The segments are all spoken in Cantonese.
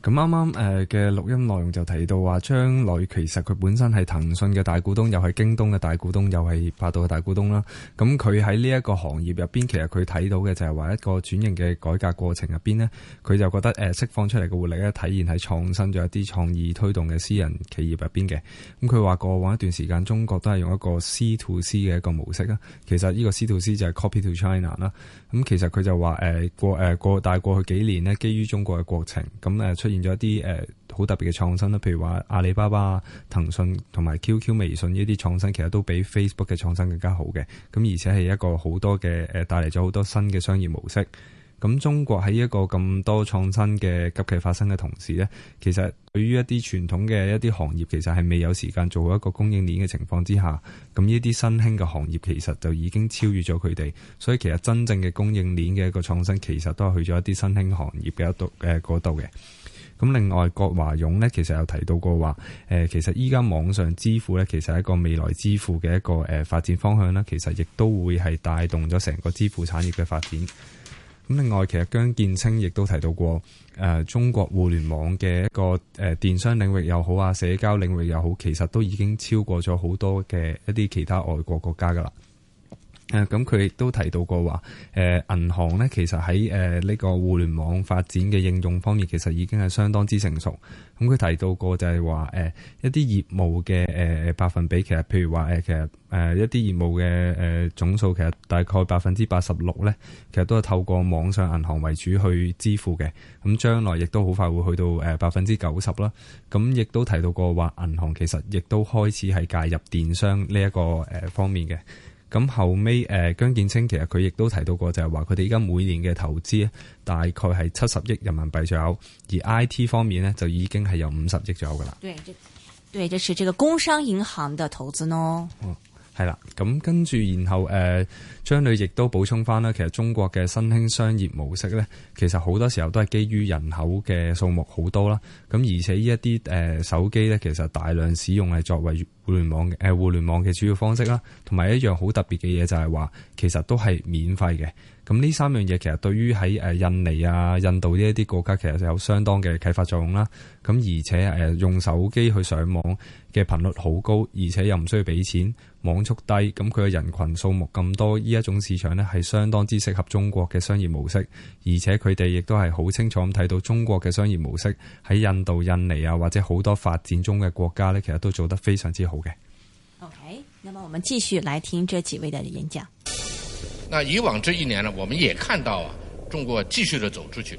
咁啱啱誒嘅錄音內容就提到話，張磊其實佢本身係騰訊嘅大股東，又係京東嘅大股東，又係百度嘅大股東啦。咁佢喺呢一個行業入邊，其實佢睇到嘅就係話一個轉型嘅改革過程入邊呢，佢就覺得釋放出嚟嘅活力呢，體現喺創新咗一啲創意推動嘅私人企業入邊嘅。咁佢話，過往一段時間中國都係用一個 C to C 嘅一個模式啊。其實呢個 C to C 就係 copy to China 啦。咁其實佢就話誒過誒過，過大過去幾年呢，基於中國嘅過程咁出現咗一啲誒好特別嘅創新啦，譬如話阿里巴巴、騰訊同埋 QQ、微信呢啲創新，其實都比 Facebook 嘅創新更加好嘅。咁而且係一個好多嘅誒，帶嚟咗好多新嘅商業模式。咁中國喺一個咁多創新嘅急劇發生嘅同時呢，其實對於一啲傳統嘅一啲行業，其實係未有時間做一個供應鏈嘅情況之下，咁呢啲新興嘅行業其實就已經超越咗佢哋。所以其實真正嘅供應鏈嘅一個創新，其實都係去咗一啲新興行業嘅一度誒嗰度嘅。呃咁另外，葛華勇呢其實有提到過話，其實依家網上支付呢，其實係一個未來支付嘅一個發展方向啦。其實亦都會係帶動咗成個支付產業嘅發展。咁另外，其實姜建清亦都提到過，中國互聯網嘅一個電商領域又好啊，社交領域又好，其實都已經超過咗好多嘅一啲其他外國國家噶啦。咁佢亦都提到過話，呃、銀行呢，其實喺呃、呢個互聯網發展嘅應用方面，其實已經係相當之成熟。咁佢提到過就係話、呃，一啲業務嘅、呃、百分比其實、呃，其實譬如話其實一啲業務嘅、呃、總數，其實大概百分之八十六呢，其實都係透過網上銀行為主去支付嘅。咁將來亦都好快會去到百分之九十啦。咁亦都提到過話，銀行其實亦都開始係介入電商呢、這、一個、呃、方面嘅。咁後尾，誒、呃、姜建清其實佢亦都提到過，就係話佢哋而家每年嘅投資大概係七十億人民幣左右，而 I T 方面呢，就已經係有五十億左右噶啦。對，這對，這是這個工商銀行嘅投資咯。係啦，咁跟住，然後誒張女亦都補充翻啦。其實中國嘅新興商業模式呢，其實好多時候都係基於人口嘅數目好多啦。咁而且呢，一啲、呃、手機呢，其實大量使用係作為互聯網嘅、呃、互聯網嘅主要方式啦。同埋一樣好特別嘅嘢就係話，其實都係免費嘅。咁呢三樣嘢其實對於喺呃、印尼啊、印度呢一啲國家其實有相當嘅啟發作用啦。咁而且、呃、用手機去上網嘅頻率好高，而且又唔需要俾錢。網速低，咁佢嘅人群數目咁多，呢一種市場呢，係相當之適合中國嘅商業模式，而且佢哋亦都係好清楚咁睇到中國嘅商業模式喺印度、印尼啊，或者好多發展中嘅國家呢，其實都做得非常之好嘅。OK，那麼我們繼續來聽這幾位嘅演講。那以往這一年呢，我們也看到啊，中國繼續嘅走出去。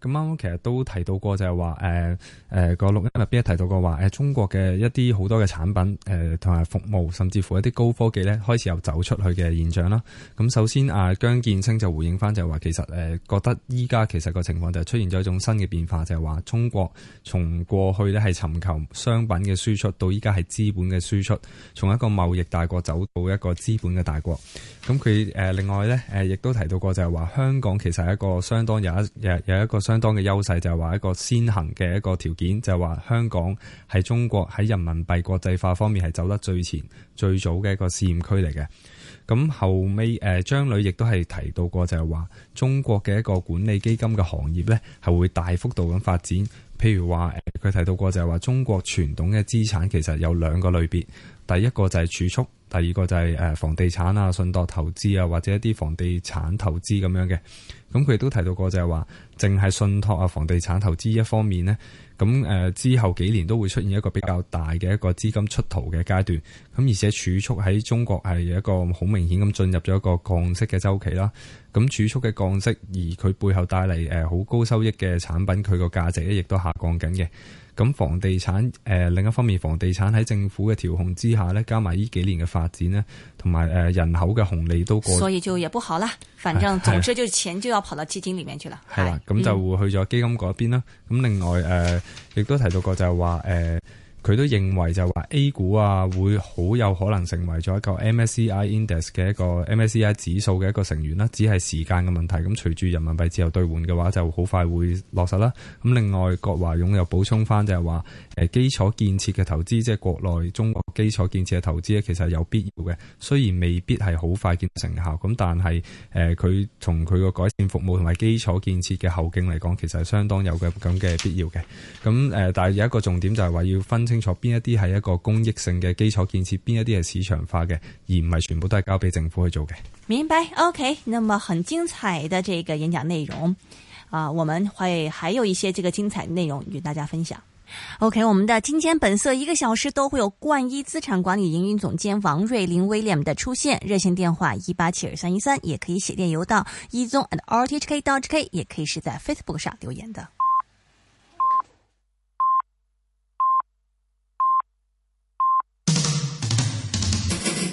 咁啱啱其實都提到過就，就係話誒誒個錄音入邊提到過話誒、呃、中國嘅一啲好多嘅產品誒同埋服務甚至乎一啲高科技咧，開始有走出去嘅現象啦。咁、嗯、首先啊，姜建清就回應翻就係話其實誒、呃、覺得依家其實個情況就係出現咗一種新嘅變化，就係、是、話中國從過去咧係尋求商品嘅輸出，到依家係資本嘅輸出，從一個貿易大國走到一個資本嘅大國。咁佢誒另外咧誒亦都提到過就，就係話香港其實係一個相當有一有一個。相當嘅優勢就係話一個先行嘅一個條件，就係話香港係中國喺人民幣國際化方面係走得最前、最早嘅一個試驗區嚟嘅。咁後尾誒張磊亦都係提到過，就係話中國嘅一個管理基金嘅行業呢係會大幅度咁發展。譬如話，佢呃提到過就係話中國傳統嘅資產其實有兩個類別，第一個就係儲蓄，第二個就係呃房地產啊、信託投資啊，或者一啲房地產投資咁樣嘅。咁佢亦都提到過，就係話，淨係信託啊，房地產投資一方面呢。咁誒、呃、之後幾年都會出現一個比較大嘅一個資金出逃嘅階段，咁而且儲蓄喺中國係一個好明顯咁進入咗一個降息嘅周期啦。咁儲蓄嘅降息，而佢背後帶嚟誒好高收益嘅產品，佢個價值咧亦都下降緊嘅。咁房地產誒、呃、另一方面，房地產喺政府嘅調控之下呢加埋呢幾年嘅發展呢同埋誒人口嘅紅利都過，所以就也不好啦。反正總之就是錢就要跑到基金裏面去啦，係啦，咁、哎哎哎嗯、就會去咗基金嗰邊啦。咁另外誒。呃亦都提到過就，就係話誒。佢都認為就係話 A 股啊會好有可能成為咗一個 MSCI index 嘅一個 MSCI 指數嘅一個成員啦，只係時間嘅問題。咁隨住人民幣自由兌換嘅話，就好快會落實啦。咁、嗯、另外葛華勇又補充翻就係話、呃、基礎建設嘅投資，即係國內中國基礎建設嘅投資咧，其實係有必要嘅。雖然未必係好快見成效，咁、嗯、但係佢從佢個改善服務同埋基礎建設嘅後勁嚟講，其實係相當有嘅咁嘅必要嘅。咁、嗯呃、但係有一個重點就係話要分清楚邊一啲係一個公益性嘅基礎建設，邊一啲係市場化嘅，而唔係全部都係交俾政府去做嘅。明白，OK。那麼很精彩的這個演講內容啊，我們會還有一些這個精彩內容與大家分享。OK，我們的今天本色一個小時都會有冠一資產管理營運總監王瑞林威廉的出現。熱線電話一八七二三一三，也可以寫電郵到 eZone@RTHK.HK，也可以是在 Facebook 上留言的。